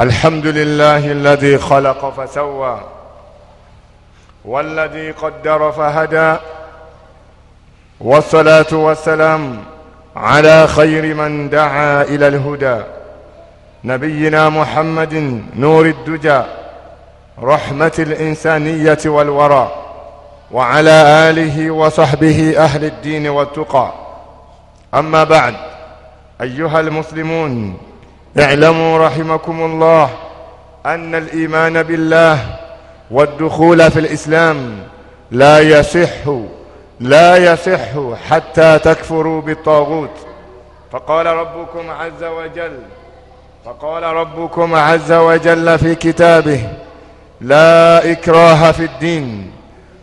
الحمد لله الذي خلق فسوى والذي قدر فهدى والصلاة والسلام على خير من دعا إلى الهدى نبينا محمد نور الدجى رحمة الإنسانية والورى وعلى آله وصحبه أهل الدين والتقى أما بعد أيها المسلمون اعلموا رحمكم الله أن الإيمان بالله والدخول في الإسلام لا يصح لا يصح حتى تكفروا بالطاغوت فقال ربكم عز وجل فقال ربكم عز وجل في كتابه لا إكراه في الدين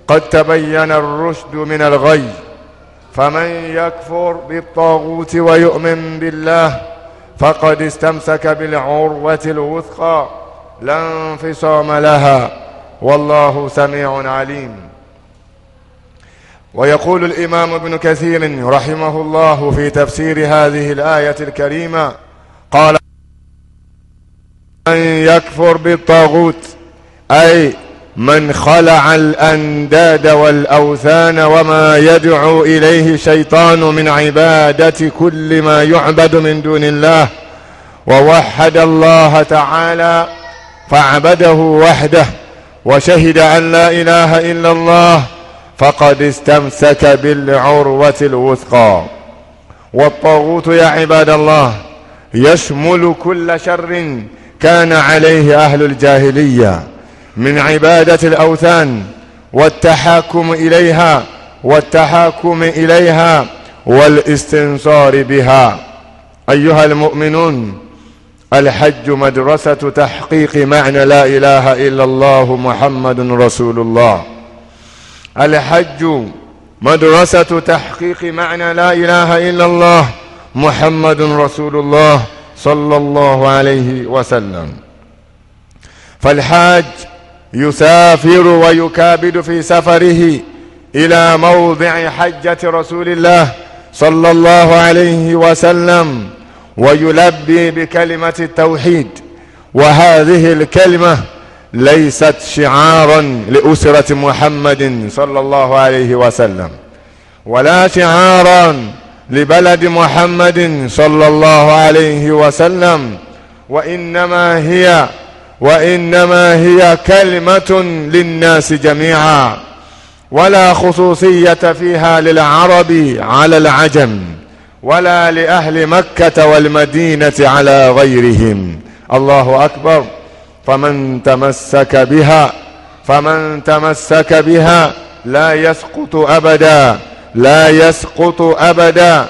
قد تبين الرشد من الغي فمن يكفر بالطاغوت ويؤمن بالله فقد استمسك بالعروة الوثقى لا انفصام لها والله سميع عليم ويقول الإمام ابن كثير رحمه الله في تفسير هذه الآية الكريمة قال أن يكفر بالطاغوت أي من خلع الأنداد والأوثان وما يدعو إليه شيطان من عبادة كل ما يعبد من دون الله ووحد الله تعالى فعبده وحده وشهد أن لا إله إلا الله فقد استمسك بالعروة الوثقى والطاغوت يا عباد الله يشمل كل شر كان عليه أهل الجاهلية من عبادة الأوثان والتحاكم إليها والتحاكم إليها والاستنصار بها أيها المؤمنون الحج مدرسة تحقيق معنى لا إله إلا الله محمد رسول الله الحج مدرسة تحقيق معنى لا إله إلا الله محمد رسول الله صلى الله عليه وسلم فالحاج يسافر ويكابد في سفره إلى موضع حجة رسول الله صلى الله عليه وسلم ويلبي بكلمة التوحيد وهذه الكلمة ليست شعارا لأسرة محمد صلى الله عليه وسلم ولا شعارا لبلد محمد صلى الله عليه وسلم وإنما هي وإنما هي كلمة للناس جميعا ولا خصوصية فيها للعرب على العجم ولا لأهل مكة والمدينة على غيرهم الله أكبر فمن تمسك بها فمن تمسك بها لا يسقط أبدا لا يسقط أبدا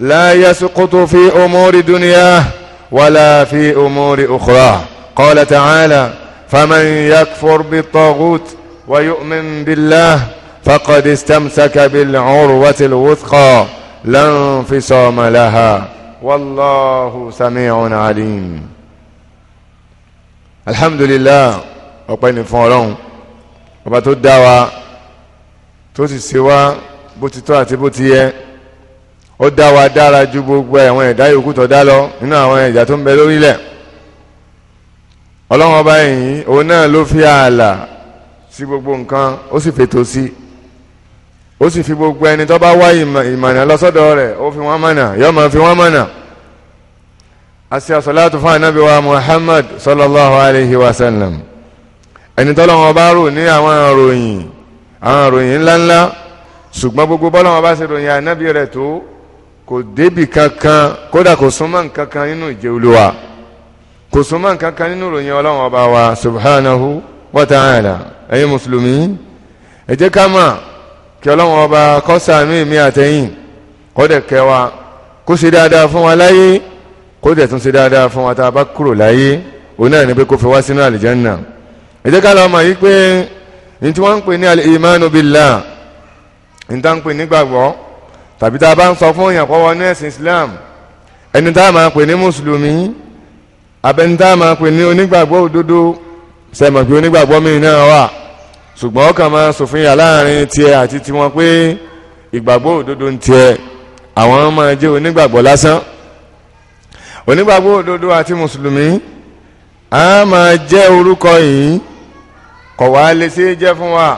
لا يسقط في أمور دنياه ولا في أمور أخراه قال تعالى فمن يكفر بالطاغوت ويؤمن بالله فقد استمسك بالعروة الوثقى لا انفصام لها والله سميع عليم الحمد لله ọpẹ́ ní fún Ọlọ́run ọba tó dá wa tó sì ṣe wá bó ti tọ́ àti bó ti yẹ ó dá wa dára ju gbogbo àwọn ẹ̀dá yòókù tó dá lọ nínú àwọn ẹ̀dá tó ń bẹ lórílẹ̀ ọlọ́run ọba yìí òun náà ló fi ààlà sí gbogbo nǹkan ó sì fètò sí ó sì fi gbogbo ẹni tó bá wá ìmọ̀nà lọ́sọ́dọ̀ rẹ̀ ó fi wọ́n mọ̀nà yóò máa fi wọ́n mọ̀nà àṣì àṣọláàtú fún ànábì wa Muhammad sallallahu alayhi wa sallam ẹni tọ́lọ́run ọba rò ní àwọn àròyìn àwọn àròyìn ńláńlá ṣùgbọ́n gbogbo bọ́lọ́run ọba ṣe ròyìn ànábì rẹ̀ tó kò débì kankan kódà kò súnmọ́ nǹkankan nínú ìjẹ́ olúwa kò súnmọ́ nǹkan kan nínú ìròyìn ọlọ́run ọba wa subhanahu wa ta'ala ẹ̀yin mùsùlùmí ẹ jẹ́ ká mà kí ọlọ́run ọba kó ṣàánú èmi àtẹ̀yin kó dẹ̀ kẹ́ wa kó ṣe dáadáa fún wa láyé kó dẹ̀ tún ṣe dáadáa fún wa tá a bá kúrò láyé òun náà ni pé kó fi wá sínú àlìjánná ẹ ká lọ́ọ́ mọ̀ yí pé ní tí wọ́n ń pè ní imanu billah ní tá ń pè nígbàgbọ́ tàbí tá a bá ń sọ fún èèyàn pọ́wọ́ ní ẹ̀sìn Islam ẹni tá a máa pè ní mùsùlùmí abẹ́ntá máa pè ní onígbàgbọ́ òdodo sẹ́mọ̀ pé onígbàgbọ́ mi náà wà ṣùgbọ́n ọkàn máa ṣòfin yà láàrin tiẹ̀ àti tiwọn pé ìgbàgbọ́ òdodo ń tiẹ̀ àwọn máa jẹ́ onígbàgbọ́ lásán onígbàgbọ́ òdodo àti mùsùlùmí a máa jẹ́ orúkọ yìí kọ̀ wá lè ṣe é jẹ́ fún wa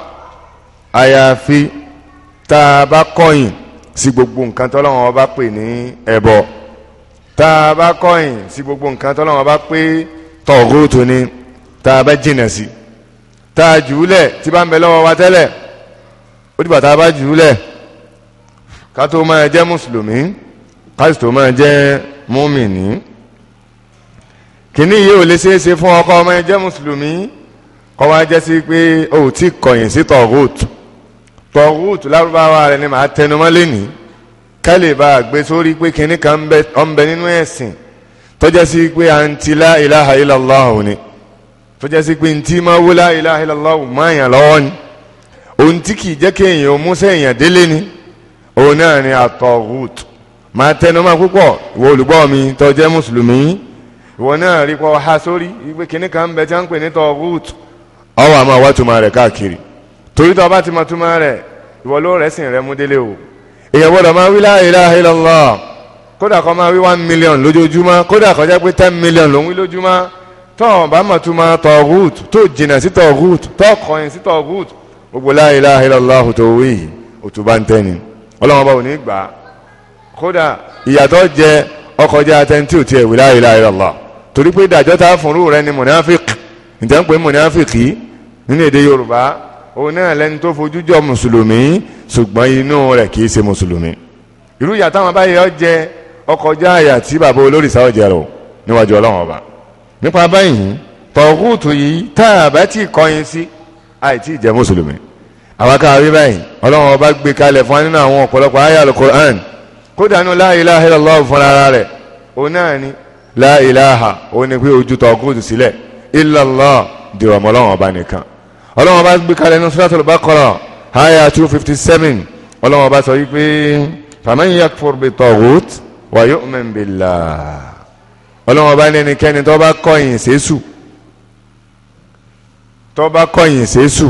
àyàfi tá a bá kọ̀yìn sí gbogbo nǹkan tọ́lọ́wọ́n ọba pè ní ẹbọ. E tá a bá kọ̀yìn sí gbogbo nǹkan tọ́lọ́wọ́n bá pé tọ̀góòtò ni tá a bá jìnà sí tá a jùúlẹ̀ tí bá ń bẹ lọ́wọ́ wa tẹ́lẹ̀ ó dìgbà tá a bá jùúlẹ̀ ká tó máa jẹ́ mùsùlùmí ká sì tó máa jẹ́ mùmìnì kìíní yìí ò lè ṣeé fún ọkọ ọmọ ẹ jẹ́ mùsùlùmí kọ́ wa jẹ́ sí pé o ò tí kọ̀yìn sí tọ̀góòtò tọ̀góòtò lárúbáwá rẹ ni màá tẹnumọ́ lénìí Kaleba bá a sórí pé kan ń bẹ nínú ẹ̀sìn tọ́jà sí pé àǹtí la ilaha ni tọ́jà sí pé ntí máa wó ilaha máa yàn lọ́wọ́ ni ohun tí kì í jẹ́ kí èèyàn músẹ́ èèyàn délé ni òun náà ni máa tẹnu máa púpọ̀ ìwọ olùgbọ́ mi tọ́jẹ́ mùsùlùmí ìwọ náà ha sórí ìgbé kínní kan ń bẹ tí wọ́n ń ma tuma rẹ̀ ìwọ ló rẹ̀ sìn rẹ̀ èèyàn gbọ́dọ̀ máa wí la ilaha illallah kódà kó máa wí one million lójoojúmọ́ kódà kó jẹ́ pé ten million ló ń wí lójúmọ́ tó bá máa tún máa tọ̀gùt tó jìnnà sí tọ̀gùt tó kọ̀yìn sí tọ̀gùt gbogbo la ilaha illallah tó wí òtún bá ń tẹ́ni ọlọ́wọ́n bá wò ní gbà kódà ìyàtọ̀ jẹ ọkọ̀ jẹ́ atẹ́ntì ò tiẹ̀ wí la ilaha torí pé ìdájọ́ fún rú ni mùnáfíkì ǹjẹ́ ń pè mùnáfíkì nínú èdè Yorùbá òun náà lẹni tó fojú jọ mùsùlùmí ṣùgbọ́n inú rẹ̀ kì í ṣe mùsùlùmí irú ìyà táwọn báyìí ọ jẹ ọkọjá àyà tí bàbá olórìṣà ọjà rò níwájú ọlọ́run ọba nípa báyìí tọ̀gùtù yìí tá a bá ti kọ̀yìn sí àìtí ìjẹ́ mùsùlùmí àwọn akáwé báyìí ọlọ́run ọba gbé kalẹ̀ fún wa nínú àwọn ọ̀pọ̀lọpọ̀ àyà alukur'an kódà nínú la ilaha illallah fúnra ara rẹ̀ òun náà ni la ilaha òun ni pé ojú ọlọ́wọ́n bá gbé kalẹ̀ ní Suratul Baqara aya two fifty seven ọlọ́wọ́n bá sọ yìí pé faman yakfur bitaghut wa yu'min billah ọlọ́wọ́n bá ní ẹnikẹ́ni tó bá kọ̀yìn sẹ́sù tó bá kọ̀yìn sẹ́sù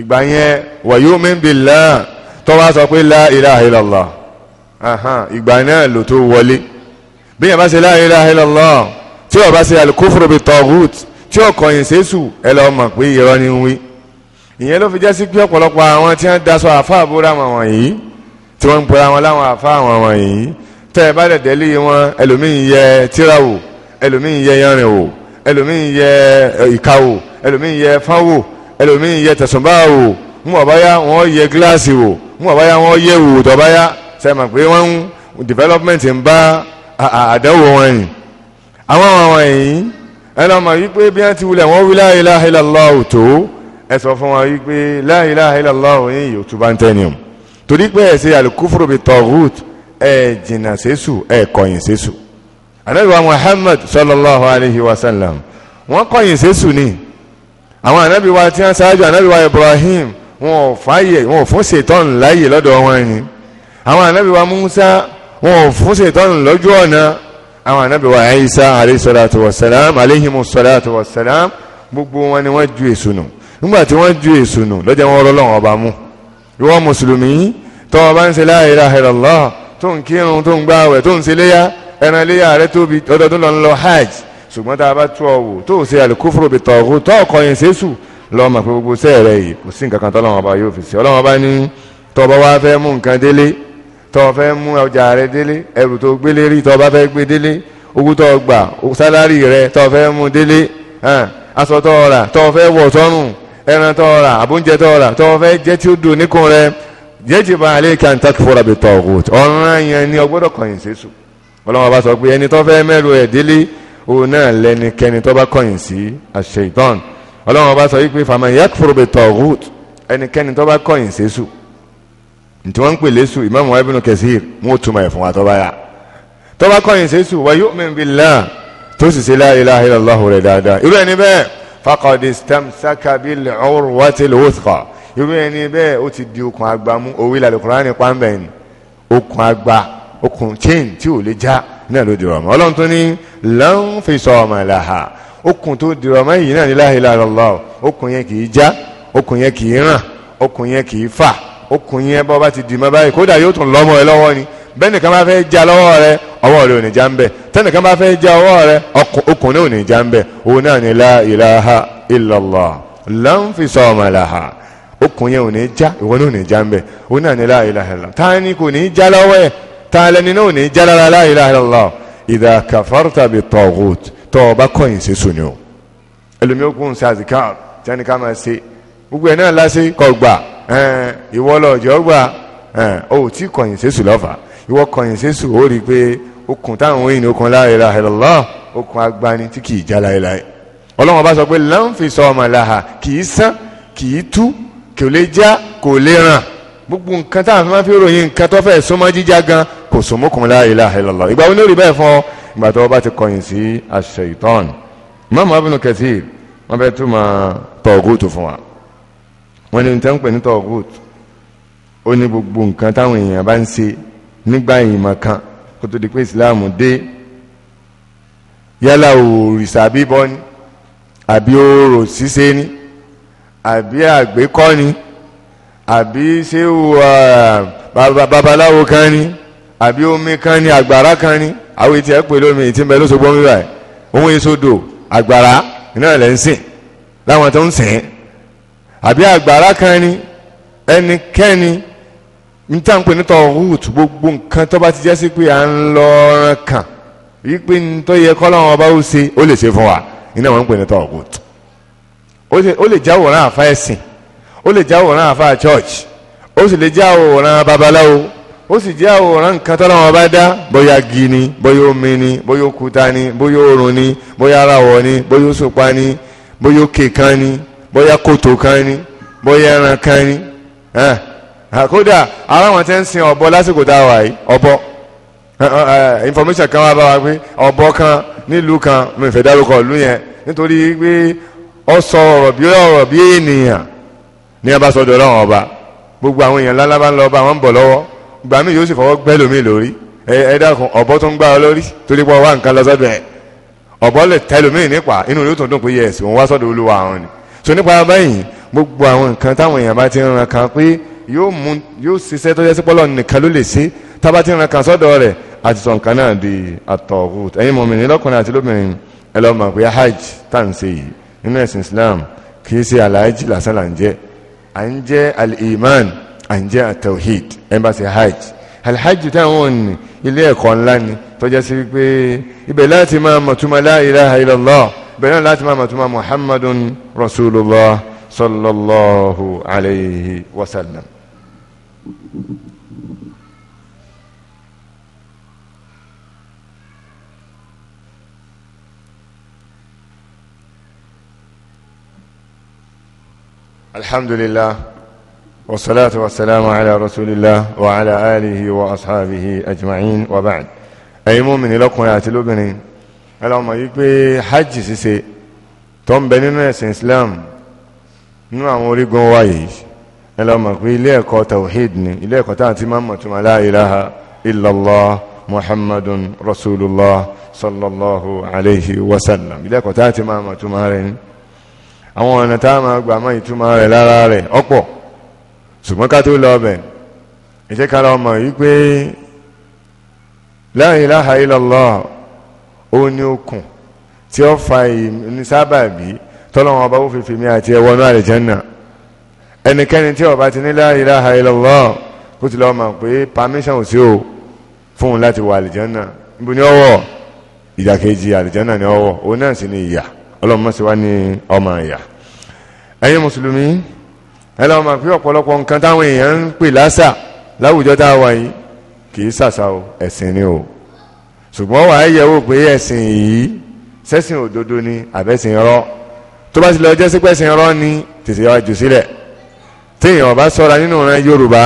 ìgbà yẹn wa yu'min billah tó bá sọ pé la ilaha illallah ìgbà náà ló tó wọlé bí yẹn bá ṣe la ilaha illallah tí ó bá ṣe al-kufru bitaghut tí ọkọ̀ yìí sẹ́sù ẹ lọ mọ̀ pé irọ́ ni ń wí ìyẹn ló fi jẹ́ sí pé ọ̀pọ̀lọpọ̀ àwọn tí wọ́n daṣọ àfa àbúrò àwọn wọ̀nyí tí wọ́n ń pera wọn láwọn àfa àwọn wọ̀nyí tẹ́ ẹ bá dẹ̀ délé wọn ẹlòmíì yẹ tíra wò ẹlòmíì yẹ yanrìn wò ẹlòmíì yẹ ìka wò ẹlòmíì yẹ fán wò ẹlòmíì yẹ tẹ̀sùnbá wò mú ọ̀báyá wọn yẹ gíláàsì wò mú ọ̀báyá development ń bá àdánwò wọn yìí àwọn ẹlọmọ yìí pé bí wọ́n ti wulẹ̀ wọ́n wí la ilaha illallah tó ẹ sọ fún wọn yìí pé la ilaha illallah yìí yóò tún bá ń tẹ́ni o torí pé ẹ ṣe al-kufru bit-taghut ẹ jìnnà sẹ́sù ẹ kọ̀yìn sẹ́sù anabiwa Muhammad sallallahu alayhi wa sallam wọ́n kọ̀yìn sẹ́sù ni àwọn anabiwa tí wọ́n ṣáájú anabiwa Ibrahim wọn ò fàyè wọn ò fún ṣètọ́n láyè lọ́dọ̀ wọn ni àwọn anabiwa Musa wọn ò fún ṣètọ́n lójú ọ̀nà àwọn ànábì wa Isa alayhi salatu wa salam alayhimu salatu wa salam gbogbo wọn ni wọ́n ju èso nù nígbà tí wọ́n ju èso nù lọ́jọ́ wọn rọlọ́wọ́n ọba mú ìwọ mùsùlùmí tó o ń ṣe la ilaha tó ń kírun tó ń gbààwẹ̀ tó ń ṣe léyà ẹran léyà rẹ tóbi ọdọọdún lọ ń lọ hajj ṣùgbọ́n tá a bá tó o tó ṣe sù lọ́ọ́ tó fẹ́ mú ọjà rẹ délé ẹrù tó gbélé rí tó bá fẹ́ gbé délé owó tó gbà sálárì rẹ tó fẹ́ mú délé aṣọ tó rà tó fẹ́ wọ̀ sọ́rùn ẹran tó rà àbújẹ tó rà tó fẹ́ jẹ́ tí ó dùn níkùn rẹ jẹ́jì bá alẹ́ kí àǹtàkì fọ́ra bí tọ̀ ọ̀gùt ọ̀ràn yẹn ni ọgbọ́dọ̀ kọ̀yìn sí sùn ọlọ́wọ́n bá sọ pé ẹni tó fẹ́ mẹ́rù ẹ̀ délé òun náà lẹ́nikẹ́ni tó bá kọ̀yìn sí àṣẹ ìtọ́n bá sọ yí pé fàmà yàtúfòrò bí tọ̀ ọ̀gùt ẹnikẹ́ni tó bá kọ̀yìn sí sùn nti wọn ń pè lẹ́sù imam wa ibn Kathir wọn ò túmọ̀ ẹ̀ fún wa tọ́ba yá tọ́ba kọ́yìn sẹ́sù wa yu'min billah tó sì ṣe la ilaha illallah rẹ̀ dáadáa irú ẹni bẹ́ẹ̀ faqad istamsaka bil urwatil wuthqa irú ẹni bẹ́ẹ̀ ó ti di okùn àgbà mú òwe ìlànà Kùránì pàmbẹ́ ni okùn àgbà okùn chain tí ò lè já náà ló dìrọ̀ mọ́ ọlọ́run tó ní lan fisama laha okùn tó dìrọ̀ mọ́ yìí náà ní ilaha illallah okùn yẹn kì í já okùn yẹn kì í ràn okùn yẹn okùn yẹn bọ́ bá ti dì mọ́ báyìí kódà yóò tún lọ́mọ ẹ lọ́wọ́ ni bẹ́nìkan bá fẹ́ já lọ́wọ́ rẹ ọwọ́ rẹ ò ní já ń bẹ̀ tẹ́nìkan bá fẹ́ já ọwọ́ rẹ okùn náà ò ní já ń bẹ̀ òun náà ní la ilaha illallah lọ́nfìsọ́ọ̀mọ̀ làhà okùn yẹn ò ní já ìwọ náà ò ní já ń bẹ̀ òun náà ní la ilaha illallah ta kò ní já lọ́wọ́ ẹ̀ ta lẹni ò ní já lára la ilaha illallah ìdá kàfọ́rọ̀tà bí tọ̀gùt tọ́ ìwọ lọ́jọ́ gbà ó tí kọ̀yìn sẹ́sù lọ́fà ìwọ kọ̀yìn sẹ́sù ó rí i pé okùn táwọn èèyàn okùn la ilaha illallah okùn agbani tí kì í já láéláé ọlọ́wọ́n bá sọ pé láǹfẹ̀sọ ọmọ làhà kì í sán kì í tú kò lè já kò lè ràn gbogbo nǹkan tá a fi máa fi ròyìn nǹkan tó fẹ́ súnmọ́ jíjá gan kò sòmókun la ilaha illallah ìgbà wo ni ó rí bẹ́ẹ̀ fún ọ ìgbà tó o bá ti kọ̀yìn sí aṣ-ṣaitan Imam Ibn Kathir wọ́n fẹ́ túmọ̀ tọ̀gùtù fún wa wọ́n ní tẹ́ ń pè ní tọ́gùt ó ní gbogbo nǹkan táwọn èèyàn bá ń ṣe nígbà ìmọ̀ kan kó tó di pé ìsìláàmù dé yálà òrìṣà bíbọ ni àbí orò ṣíṣe ni àbí àgbékọ́ ni àbí ṣé babaláwo kan ni àbí omi kan ni àgbàrá kan ni àwọn etí ẹ pè lómi ìtí ń bẹ lóṣogbó mi báyìí òun èso dò àgbàrá iná ẹ̀ lẹ́ ń sìn láwọn tó ń sìn àbí àgbàrá kan ni ẹnikẹ́ni n tá n pè ní tọ̀húùtù gbogbo nǹkan tó bá ti jẹ́ sí pé à ń lọ ọ̀ràn kàn wípé n tó yẹ kọ́ lọ́wọ́n ọba ó ṣe ó lè ṣe fún wa iná wọn ń pè ní tọ̀húùtù ó lè jáwòrán àfa ẹ̀sìn ó lè jáwòrán àfa church ó sì lè jáwòrán babaláwo ó sì jẹ́ àwòrán nǹkan tọ́lọ́wọ́n bá dá bóyá gi ni bóyá omi ni bóyá òkúta ni bóyá oòrùn ni bóyá arawọ̀ ni bóyá òṣùpá ni bóyá òkè kan ni bóyá kòtò kan ni bóyá ẹran kan ni kódà ara wọn tẹ́ ń sin ọ̀bọ lásìkò tá a wà yìí ọ̀bọ information kan wá bá wa pé ọ̀bọ kan nílùú kan mi fẹ́ dárúkọ ìlú yẹn nítorí pé ọ sọ ọ̀rọ̀ bí ọ̀rọ̀ bí ènìyàn ní abasọdọ Ọlọ́run ọba gbogbo àwọn èèyàn ńláńlá bá ń lọ bá wọn ń bọ̀ lọ́wọ́ gbà mí yóò sì fọwọ́ gbẹ́ lómi lórí ẹ dákun ọ̀bọ tó ń gbá ọ lórí torí pé wá nǹkan lọ sọ́dọ̀ ẹ ọ̀bọ lè tẹ lómi nípa inú yóò tún dùn pé yẹ ẹ̀sìn òun wá sọ́dọ̀ Olúwa àwọn ni so nípa báyìí gbogbo àwọn nǹkan táwọn èèyàn bá ti ń ran kan pé yóò mú yóò ṣiṣẹ́ tó yẹ sí pọ́lọ́ nìkan ló lè ṣe tá a bá ti ń ran kan sọ́dọ̀ rẹ̀ àti sọ nǹkan náà di àtọ̀wò ẹ̀yin mọ̀mìnrin lọ́kùnrin àti lóbìnrin ẹ lọ́ọ́ mọ̀ pé hajj tá à ń ṣe yìí nínú ẹ̀sìn Islam kì í ṣe aláàjì lásán là ń jẹ́ à ń jẹ́ al-iman à ń jẹ́ at-tawhid ẹ̀ ń bá ṣe hajj alhaji táwọn ní ilé ẹ̀kọ́ ńlá ni tọ́jà sí pé ibẹ̀ láti máa mọ̀túmọ̀ la ilaha illallah بين الأتمام أتمام محمد رسول الله صلى الله عليه وسلم الحمد لله والصلاة والسلام على رسول الله وعلى آله وأصحابه أجمعين وبعد أي مؤمن لكم يا تلوبنين ẹlọmọ yìí pé hajj ṣíṣe tó ń bẹ nínú ẹ̀sìn Islam nínú àwọn orígun wa yìí ẹlọmọ pé ilé ẹ̀kọ́ tawhid ni ilé ẹ̀kọ́ táwọn ti máa ń mọ̀túnmọ̀ la ilaha illallah muhammadun rasulullah sallallahu alayhi wa sallam ilé ẹ̀kọ́ táwọn ti máa mọ̀túnmọ̀ rẹ̀ ni àwọn ọ̀nà táwọn máa gbà máa ìtumọ̀ rẹ̀ lára rẹ̀ ọ̀pọ̀ ṣùgbọ́n ká tó lọ bẹ̀ ìṣẹ́kàlọ́ ọmọ yìí pé la ilaha ó ní okùn tí ó fa ìsábàbí tọ́lọ́wọ́n ọba ó fi fèmí àti ẹwọ́nú àlìjẹ́nà ẹnikẹ́ni tí ọba ti ní la ilaha illallah kó ti lọ́ mọ̀ pé permission ò sí o fún un láti wọ àlìjẹ́nà níbo ni ọwọ́ ìdàkejì àlìjẹ́nà ni ọwọ́ òun náà sì ni ìyà ọlọ́mọ sì wá ní ọmọ ìyà ẹ̀yin mùsùlùmí ẹ lọ́wọ́ mọ̀ pé ọ̀pọ̀lọpọ̀ nǹkan táwọn èèyàn ń pè lásà láwùjọ tá a wà yìí kì í sàṣà o ẹ̀sìn ni o ṣùgbọ́n wà á yẹ̀wò pé ẹ̀sìn yìí sẹ́sìn òdodo ni àbẹ́sìn rọ́ tó bá ti lọ jẹ́ sípẹ́sìn rọ́ ni tètè wá jù sílẹ̀ téèyàn bá sọ́ra nínú rẹ Yorùbá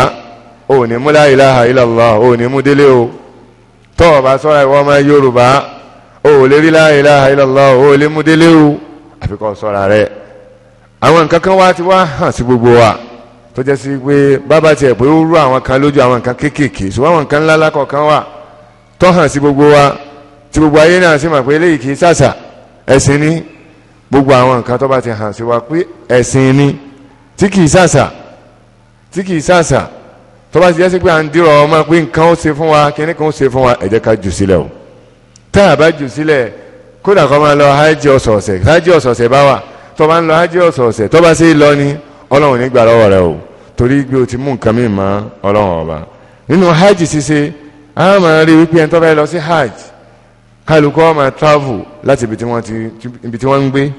ò ní mú la ilaha illallah ò ní mú délé o tó bá sọ́ra ìwọ ọmọ Yorùbá ò lè rí la ilaha illallah ò lè mú délé o àfikọ́ sọ́ra rẹ̀ àwọn nǹkan kan wá ti wá hàn sí gbogbo wa tó jẹ́ sí pé bàbá tiẹ̀ pé ó rú àwọn kan lójú àwọn nǹkan kéékèèké ṣùgbọ́n àwọn nǹkan ńlá lákọ̀ọ́kan wà tó hàn sí gbogbo wa tí gbogbo ayé náà sì mọ̀ pé eléyìí kì í ṣàṣà ẹ̀sìn ni gbogbo àwọn nǹkan tó bá ti hàn sí wa pé ẹ̀sìn ni tí kì í ṣàṣà tí kì í ṣàṣà tó bá ti jẹ́ pé à ń dírọ̀ ọmọ pé nǹkan ó ṣe fún wa kíní kan ó ṣe fún wa ẹ jẹ́ ká jù sílẹ̀ o tá a bá jù sílẹ̀ kódà kó máa lọ hájì ọ̀sọ̀ọ̀sẹ̀ hájì ọ̀sọ̀ọ̀sẹ̀ bá wà tó bá ń lọ hájì ọ̀sọ̀ọ̀sẹ̀ tó bá ṣe é lọ ni ọlọ́run nígbà lọ́wọ́ rẹ o torí gbé o ti mú nǹkan mìíràn ọlọ́run ọba nínú hájì ṣíṣe a máa rí wípé ẹni tó fẹ́ lọ sí hajj kálukú ó travel láti ibi tí wọ́n ń gbé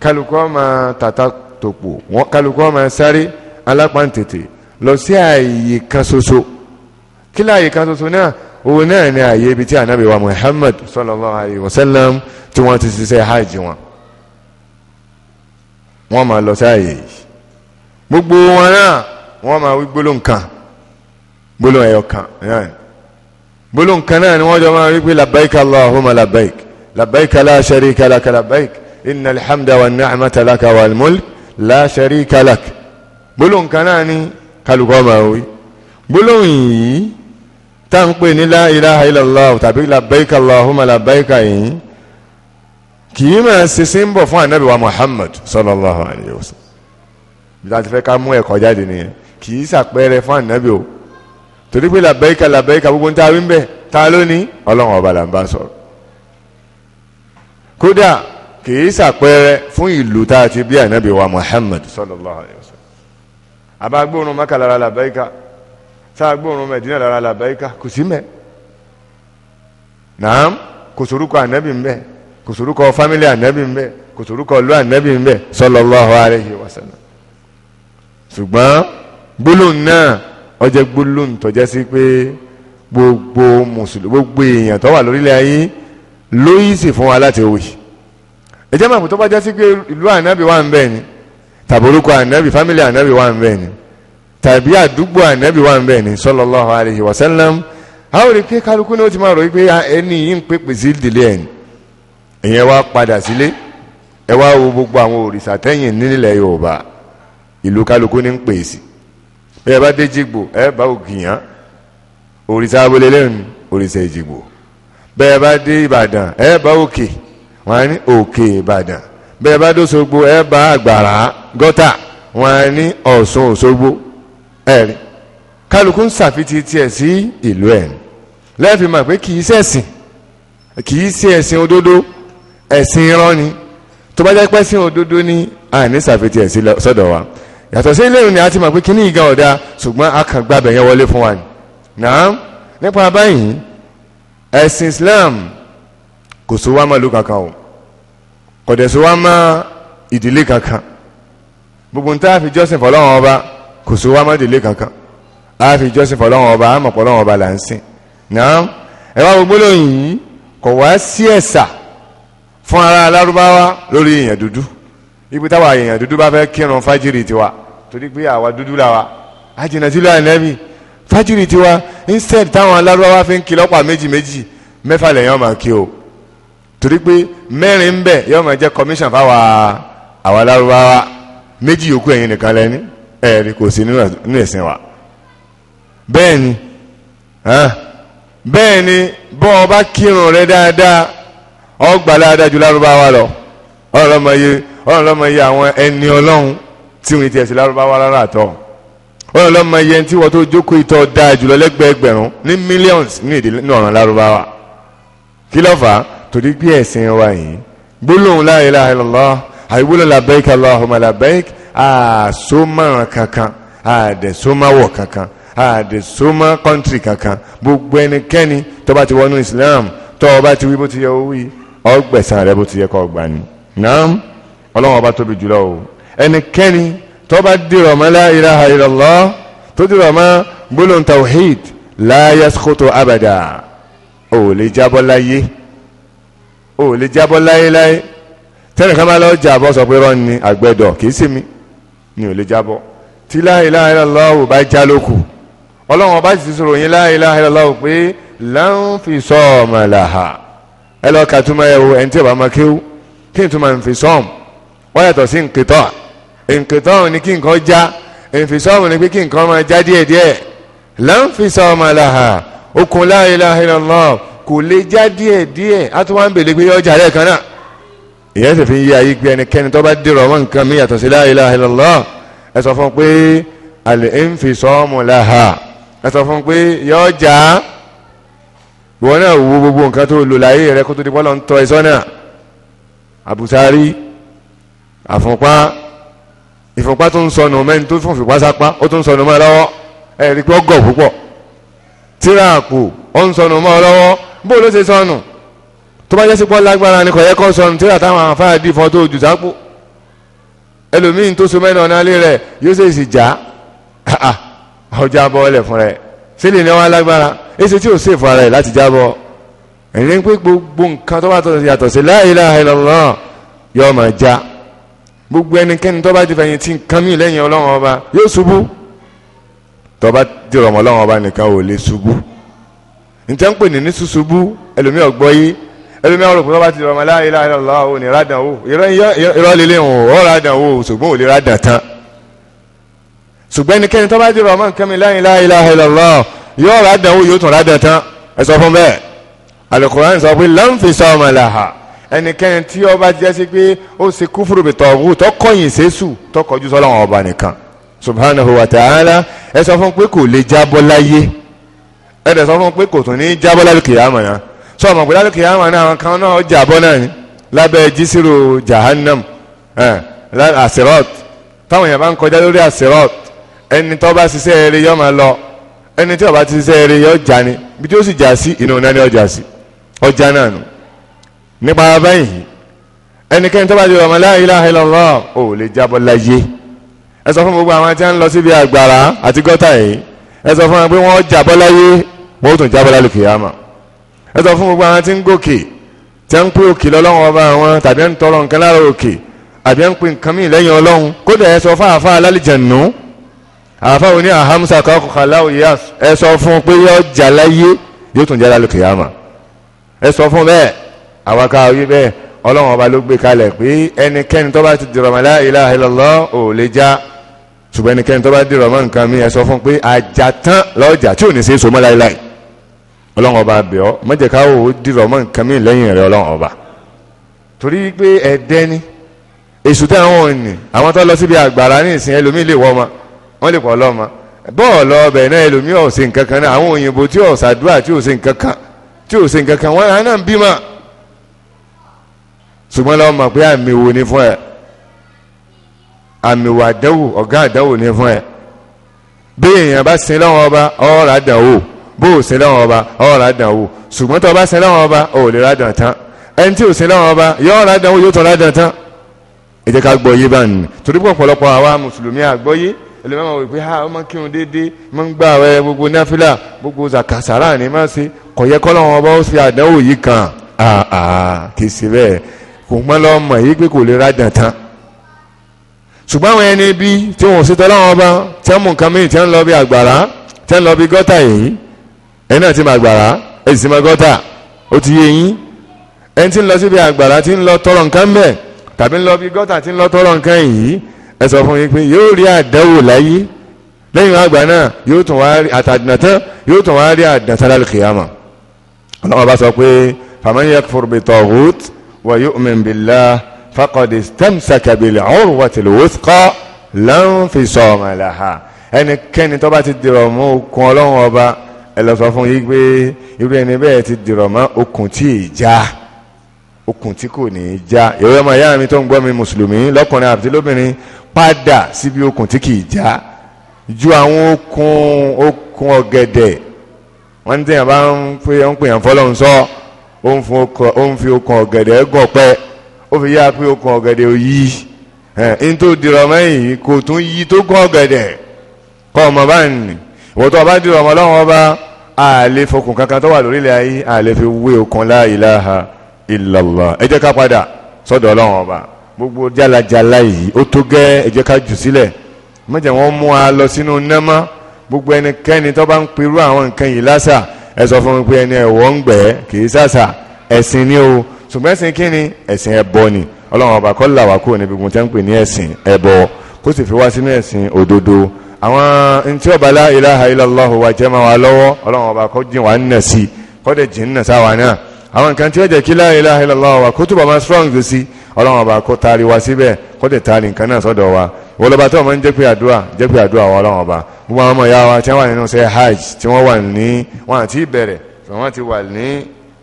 kálukú ó tata tàta tòpò kálukú ó máa sáré alápáǹtètè lọ sí ààyè kan ṣoṣo kí láàyè kan ṣoṣo náà òun náà ni ààyè ibi tí ànábì wa Muhammad sallallahu alayhi wa sallam tí wọ́n ti ṣiṣẹ́ hajj wọn wọ́n máa lọ sí ààyè yìí gbogbo wọn náà wọ́n máa wí gbólóǹkan gbólóǹ ẹyọ kan gbólóhùn kan náà ni wọ́n jọ máa wí pé labbaik allahumma labbaik labbaik la sharika laka labbaik inna alhamda wa ni'mata laka wal mulk la sharika lak gbólóhùn kan náà ni kálukọ́ máa wí gbólóhùn yìí tá ń pè ní la ilaha illallah tàbí labbaik allahumma labbaik yìí kì í máa ṣe símbọ̀ fún ànábì wa muhammad sallallahu alayhi wa sallam bí láti fẹ́ ká mú ẹ̀kọ́ jáde nìyẹn kì í ṣàpẹẹrẹ fún ànábì o torí pé làbẹ́yìká làbẹ́yìká gbogbo ń ta wí ń bẹ̀ ta ló ní ọlọ́run ọba là ń bá sọ̀rọ̀ kódà kìí ṣàpẹẹrẹ fún ìlú tá a ti bí ànábì wa Muhammad sallallahu alayhi wa sallam àbágbóorun Maka lára làbẹ́yìká tá a gbóorun Mẹdínà lára làbẹ́yìká kò sí mẹ́ naam kò sorúkọ ànábì ń bẹ̀ kò sorúkọ fámílì ànábì ń bẹ̀ kò sorúkọ ìlú ànábì ń bẹ̀ sallallahu alayhi wa sallam ṣùgbọ́n gbólóhùn náà ó jẹ́ gbólóhùn tó jẹ́ sí pé gbogbo mùsùlùmí gbogbo èèyàn tó wà lórílẹ̀ ayé ló yí sì fún wa láti wí ẹ jẹ́ màmú tó bá jẹ́ sí pé ìlú ànábì wà ń bẹ̀ ni tàbí orúkọ ànábì fámìlì ànábì wà ń bẹ̀ ni tàbí àdúgbò ànábì wà ń bẹ̀ ni sallallahu alaihi wasallam a ó rí pé kálukú ni ó ti máa rò pé ẹni yìí ń pèpè sí ìdílé ẹni ìyẹn wá padà sílé ẹ wá wo gbogbo àwọn òrìṣà tẹ́yìn nílẹ̀ Yorùbá ìlú kálukú ni ń pè sí bẹ́ẹ̀ bá dé jìgbò ẹ bá ògìyàn òrìṣà abúlé lẹ́nu òrìṣà ìjìgbò bẹ́ẹ̀ bá dé ìbàdàn ẹ bá òkè wọn á ní òkè ìbàdàn bẹ́ẹ̀ bá dé Òṣogbo ẹ bá àgbàrá gọ́tà wọn á ní ọ̀ṣun Òṣogbo ẹ̀rí kálukú ń ṣàfitì tiẹ̀ sí ìlú ẹ̀ lẹ́ẹ̀fì mọ̀ pé kì í ṣẹ̀sìn kì í ṣe ẹ̀sìn òdodo ẹ̀sìn irọ́ ni tó bá jẹ́ pẹ́sìn òdodo ni àní ṣàfitì ẹ̀ sọ́dọ̀ wa yàtọ̀ sí ilé ìrìn àti màpé kíní ìga ọ̀dà ṣùgbọ́n a kàn gbàbẹ̀ yẹn wọlé fún wa ni náà nípa báyìí ẹ̀sìn Islam kò so wá mọ́ ìlú kankan o kò dẹ̀ so wá mọ́ ìdílé kankan gbogbo nta fi jọ́sìn fọlọ́wọ́n ọba kò so wá mọ́ ìdílé kankan a fi jọ́sìn fọlọ́wọ́n ọba a mọ̀ ọba là ń sìn náà ẹ wá gbogbo lóyìn kò wá sí ẹ̀sà fún ara alárúbáwá lórí èèyàn dúdú ibi táwa èèyàn dúdú bá fẹ́ kírun fájìrì tiwa torí pé àwa dúdú la wa àjìnà sílò ànẹ́bì fájìrì tiwa instead táwọn alárúbáwá fi ń kí lọ́pàá méjì méjì mẹ́fà lẹ́yìn ọmọ kí o torí pé mẹ́rin ń bẹ̀ yóò máa jẹ́ commission fáwa àwa alárúbáwá méjì yòókù ẹ̀yìn nìkan lẹ́ni ẹ̀rí kò sí nínú ẹ̀sìn wa bẹ́ẹ̀ ni bẹ́ẹ̀ ni bọ́ ọ bá kírun rẹ dáadáa ọ gbà dáadáa ju lárúbáwá lọ ọlọ́mọ yìí ọlọ́run lọ́mọ iye àwọn ẹni ọlọ́run tí wọ́n ti ẹ̀sìn lárúbáwá rárá àtọ́ ọlọ́run lọ́mọ iye tí wọ́n tó jókòó ìtọ́ da jùlọ lẹ́gbẹ̀ẹ́gbẹ̀rún ní millions ní èdè ọ̀ràn lárúbáwá kí ló fà á torí bí ẹ̀sìn wa yìí gbólóhùn la ilaha illallah àìwúlò labbaik allahumma labbaik àsomọ́ràn kankan àdẹ̀sómáwọ̀ kankan àdèsómọ kọ́ńtì kankan gbogbo ẹnikẹ́ni tó bá ti wọnú Islam tó bá ti wí bó ti yẹ owó yìí ọgbẹ̀sán rẹ bó ti yẹ kó gbà ní. naam ọlọ́run ọba tóbi jùlọ o ẹnikẹ́ni tó bá dìrọ̀ mọ́ la ilaha illallah tó dìrọ̀ mọ́ gbólóhùn tawhid la yaskhutu abada ò lè jábọ́ láyé ò lè jábọ́ láyéláyé tẹ́nìkan máa lọ jàbọ́ sọ pé rán ni àgbẹ̀dọ̀ kì í sí mi ni ò lè jábọ́ tí la ilaha illallah ò bá já lókù ọlọ́run ọba sì sọ̀rọ̀ yín la ilaha ò pé láǹfìsọ́ọ̀mọ̀láhà ẹ lọ́ọ́ kàtúmọ̀ ẹ̀ wò ẹ̀ ń tẹ̀ wá kéwú kí n tún ń fi sọ́ọ̀mù wọ́n yàtọ̀ sí nkìtọ́ nkìtọ́ ni kí nǹkan já ìfisọ́ọ̀mù ni pé kí nǹkan máa já díẹ̀díẹ̀ láǹfisọ́ọ̀mù aláha okùn la ilaha illallah kò lè já díẹ̀díẹ̀ á tún wá ń bèlè pé ọjà rẹ̀ kan náà ìyẹn sì fi ń yí ayé gbé ẹnikẹ́ni tó bá dèrò ọmọ nǹkan mi yàtọ̀ sí la ilaha illallah ẹ sọ fún un pé àlẹ́ ìfisọ́ọ̀mù aláha ẹ sọ fún un pé yọ ọjà náà wo gbogbo nǹkan tó lò láyé rẹ kó tó di bọ́lọ̀ ń àfọ̀pá ìfọ̀pá tó ń sọnù mẹ́ni tó fún fìpá sápá ó tó ń sọnù mọ́ lọ́wọ́ ẹ̀rí pé ó gọ̀ púpọ̀ tíra àpò ó ń sọnù mọ́ lọ́wọ́ bó ló ṣe sọnù tó bá jẹ́ sí pọ́ lágbára ni kò yẹ kó sọnù tíra táwọn àfáà dì fọ́n tó jù sápò ẹlòmíín tó so mẹ́nu ọ̀nà alẹ́ rẹ̀ yóò ṣe sì já ọjà bọ́ ọlẹ̀ fún rẹ̀ sílẹ̀ ni wọ́n lágbára èsì tí ò sèfù ara rẹ̀ láti jábọ̀ ẹ̀rín pé gbogbo nǹkan tó bá tọ̀ yàtọ̀ sí la ilaha illallah yóò máa já gbogbo ẹnikẹ́ni tó bá ti fẹ̀yìn tí nǹkan mi lẹ́yìn ọlọ́run ọba yóò ṣubú tó bá ti rọ̀mọ́ ọlọ́run ọba nìkan ò lè ṣubú ǹjẹ́ ń pè ní ní ṣùṣubú ẹlòmíì ọ̀gbọ́ yìí ẹlòmíì ọ̀rọ̀ pé tó bá ti rọ̀mọ́ la ilaha illallah ò ní rádàn o irọ́ líle ń ò rádàn o ṣùgbọ́n ò lè rádàn tán ṣùgbọ́n ẹnikẹ́ni tó bá ti rọ̀mọ́ nǹkan mi la ilaha illallah yóò o yóò tún rádàn tán ẹ Al-Qur'an sọ pé lan fisama laha ẹnikẹ́ni tí ó bá jẹ́ sí pé ó ṣe kúfúrú bi tọ̀gù tó kọ̀yìn sẹ́sù tó kọjú sọ́lọ́wọ́n ọba nìkan subhanahu wa ta'ala ẹ sọ fún pé kò lè jábọ́ láyé ẹ dẹ̀ sọ fún pé kò tún ní jábọ́ lálùkì yàmà náà sọ ọmọ pé lálùkì yàmà náà àwọn kan náà jábọ́ náà ni lábẹ́ jísírò jahannam asirot táwọn èèyàn bá ń kọjá lórí asirot ẹni tó bá ṣiṣẹ́ eré yọ máa lọ ẹni tí ó ti ṣiṣẹ́ eré yọ jà ni bí tí ó sì jà sí inú náà ni ọjà sí ọjà náà nù nípa báyìí ẹnikẹ́ni tó bá di ọmọ la ilaha illallah ò lè jábọ́ láyé ẹ sọ fún gbogbo àwọn tí wọ́n ń lọ síbi àgbàrá àti gọ́tà yìí ẹ sọ fún wọn pé wọ́n jábọ́ láyé wọ́n ó tún jábọ́ lálùkì yàmà ẹ sọ fún gbogbo àwọn tí ń gòkè tí wọ́n ń pè òkè lọ́lọ́run ọba àwọn tàbí ń tọrọ nǹkan lára òkè àbí ń pè nǹkan míì lẹ́yìn ọlọ́run kódà ẹ sọ fún àáfàá alálìjẹ̀nù àáfàá òní àhámsà kọ́kọ́kọ́lá òyà ẹ sọ fún pé yọ jà láyé yóò tún jà lálùkì yàmà ẹ sọ fún bẹ́ẹ̀ àwọn ká wí bẹ́ẹ̀ ọlọ́run ọba ló gbé kalẹ̀ pé ẹnikẹ́ni tó bá ti dìrọ̀ mọ́ la ilaha illallah ò lè já ṣùgbọ́n ẹnikẹ́ni tó bá dìrọ̀ mọ́ nǹkan mi ẹ sọ fún pé àjà tán lọ́jà tí ò ní ṣe é so mọ́ láéláé ọlọ́run ọba bẹ̀ ọ́ má ká ò dìrọ̀ mọ́ nǹkan mi lẹ́yìn rẹ̀ ọlọ́run ọba torí pé ẹ̀dẹ́ ni èṣù tí àwọn òní àwọn tó lọ síbi àgbàrá ní ìsìn ẹlòmíì lè wọ ọmọ lè pọ̀ lọ́mọ bọ́ọ̀lù ọbẹ̀ náà ẹlòmíì ọ̀sìn kankan náà àwọn òyìnbó tí ọ̀sàdúrà tí òsìn kankan tí òsìn kankan wọn náà bímọ ṣùgbọ́n lọ́wọ́ mọ̀ pé àmì wo ni fún ẹ àmì wà dẹ́wò ọ̀gá àdáwò ni fún ẹ bí èèyàn bá sin lọ́wọ́ ọba ọ̀rọ̀ àdánwò bó o sin lọ́wọ́ ọba ọ̀rọ̀ àdánwò ṣùgbọ́n tó o bá sin lọ́wọ́ ọba ò lè rádàn tán ẹni tí o sin lọ́wọ́ ọba yọ ọ̀rọ̀ àdánwò yóò tọ́ rádàn tán ẹ ká gbọ́ yé bá nì torí pé ọ̀pọ̀lọpọ̀ àwa mùsùlùmí àgbọ́yé ẹlẹ́mọ̀ wò pé ah, ni máa ṣe kọ̀yẹ́kọ́ lọ́wọ́ ọba ó ṣe àdánwò gbọ́n lọ mọ̀ yìí pé kò lè rajà tán ṣùgbọ́n àwọn ẹni bí tí wọ́n ṣe tọ́lọ́wọ́n bá tẹ́ mú nǹkan mìíràn tẹ́ ń lọ bí àgbàrá tẹ́ ń lọ bí gọ́tà yìí ẹni náà ti mọ àgbàrá ẹni sì mọ gọ́tà ó ti yé yín ẹni tí ń lọ síbi àgbàrá tí ń lọ tọrọ nǹkan bẹ́ẹ̀ tàbí ń lọ bí gọ́tà tí ń lọ tọrọ nǹkan yìí ẹ sọ fún yín pé yóò rí àdánwò láyé lẹ́yìn àgbà náà yóò tún wá rí àtàdìnàtán yóò tún wá rí ويؤمن بالله فقد استمسك بالعروة الوثقى لا انفصام لها ẹnikẹ́ni tó bá ti dìrọ̀ mọ́ okùn ọlọ́run ọba ẹ lọ sọ fún yín pé irú ẹni bẹ́ẹ̀ ti dìrọ̀ mọ́ okùn tí ì já okùn tí kò ní í já ìwé ọmọ ìyá mi tó ń gbọ́ mi mùsùlùmí lọ́kùnrin àti lóbìnrin padà síbi okùn tí kì í já ju àwọn okùn okùn ọ̀gẹ̀dẹ̀ wọ́n ń tẹ̀yàn bá ń pè ń pè yàn fọlọ́run sọ́ọ́ ó ń fi okùn ọ̀gẹ̀dẹ̀ gàn pẹ́ ó fi yá pé okùn ọ̀gẹ̀dẹ̀ ò yí ẹ̀ ń tó dìrọ̀ mẹ́yìn kò tún yí tó gàn ọ̀gẹ̀dẹ̀ kọ́ ọmọ bá ń nì wọ́n ọba dìrọ̀ ọmọ lọ́wọ́ ọba àlè fokùn kankan tó wà lórílẹ̀ ayé àlè fi wé okùn la ilaha illallah ẹ jẹ́ ká padà sọ́dọ̀ ọlọ́wọ́ ọba gbogbo jálajàla yìí ó tó gẹ́ ẹ jẹ́ ká jù sílẹ̀ mọ̀jẹ̀ wọ́n mú a lọ sínú nẹ́mọ́ gbogbo ẹnikẹ́ni tó bá ń perú àwọn nǹkan yìí lásà ẹ sọ fún mi pé ẹni ẹ̀wọ́ ń gbẹ́ kì í sàṣà ẹ̀sìn ni o ṣùgbọ́n ẹ̀sìn kí ni ẹ̀sìn ẹ̀bọ ni ọlọ́run ọba kọ́ là wá kúrò níbi gbọ̀ntẹ́ ń pè ní ẹ̀sìn ẹ̀bọ kó sì fi wá sínú ẹ̀sìn òdodo àwọn ntí ọba la ilaha illallah wa jẹ́ máa wá lọ́wọ́ ọlọ́run ọba kọ́ jìn wá nínà sí kọ́ dẹ̀ jìn nínà sáwa náà àwọn nǹkan tí ó jẹ́ kí la ilaha illallah wa kó túbọ̀ máa strong sí i ọlọ́run ọba kó taari wa síbẹ̀ kó lè taari nǹkan náà sọ́dọ̀ wa wọlọba tó máa ń jẹ́ pé àdúrà jẹ́ pé àdúrà wa ọlọ́run ọba gbogbo àwọn ọmọ ìyá wa tí wọ́n wà nínú ṣe hajj tí wọ́n wà ní wọn àti ìbẹ̀rẹ̀ wọ́n ti wà ní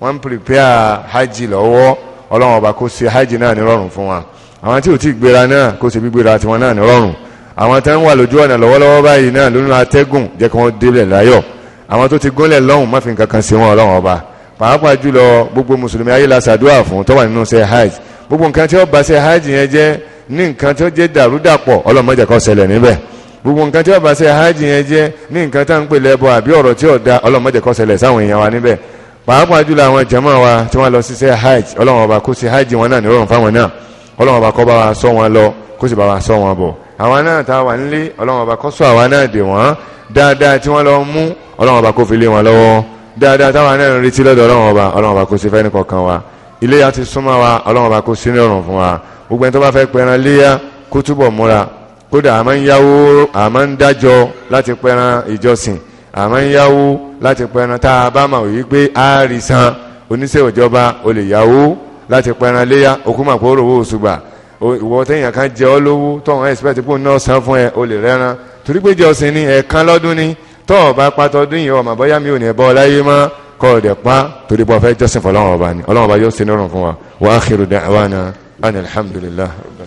wọ́n prepare hajj lọ́wọ́ ọlọ́run ọba kó ṣe hajj náà ní rọrùn fún wa àwọn tí ò tí gbéra náà kó ṣe gbígbéra tiwọn náà ní rọrùn àwọn tí wọ́n wà lójú ọ̀nà lọ́wọ́lọ́wọ́ báyìí gbogbo nǹkan tí ó bá ṣe hajj yẹn jẹ́ ní nǹkan tí ó jẹ́ dàrúdàpọ̀ ọlọ́mọdé kó ṣẹlẹ̀ níbẹ̀ gbogbo nǹkan tí ó bá hajj yẹn jẹ́ ní nǹkan tá à ń pè lẹ́bọ àbí ọ̀rọ̀ tí ó da ọlọ́mọdé kó ṣẹlẹ̀ sáwọn èèyàn wa níbẹ̀ pàápàá jùlọ àwọn jàmáà wa tí wọ́n lọ ṣiṣẹ́ hajj ọlọ́wọ́n ọba kó ṣe hajj wọn náà nírọ̀rùn fáwọn náà ọlọ́wọ́n ọba kó bá wa ṣọ́ wọn lọ kó sì bá wa ṣọ́ wọn bọ̀ àwọn náà tá a wà nílé ọlọ́wọ́n ọba kó ṣọ́ àwa náà dè wọ́n dáadáa tí wọ́n lọ mú ọlọ́wọ́n ọba kó fi lé wọn lọ́wọ́ dáadáa táwọn náà ń retí lọ́dọ̀ ọlọ́wọ́n ọba ọlọ́wọ́n ọba kó ṣe fẹ́ kan wa iléyá ti súnmọ́ wa ọlọ́run bá kó sí ọ̀rùn fún wa gbogbo ẹni tó bá fẹ́ pẹran léyá kó túbọ̀ múra kódà àmọ́ ń yáwó àmọ́ ń dájọ́ láti pẹran ìjọsìn àmọ́ ń yáwó láti pẹran tá a bá mà wí pé a rí san oníṣẹ́ ìjọba o lè yáwó láti pẹran léyá okú mà kó rówó oṣùgbà ìwọ téèyàn kan jẹ ọ́ lówó tọ̀hún ẹ̀sìpẹ̀tì pò náà san fún ẹ o rẹ́ran torí pé ìjọsìn ni ẹ̀ẹ̀kan lọ́dún ni tọ́ọ̀ bá pátọ́dún yìí ọmọ bọ́yá mi ò ní ẹ̀ bọ́ ọ láyé mọ́ kọ́ ọ̀dẹ̀ pa torí bọ́ fẹ́ jọ́sìn fọlọ́wọ́n ọba ni ọlọ́wọ́n ọba yóò ṣe nírun fún wa wa akhiru da'wana anil hamdulillah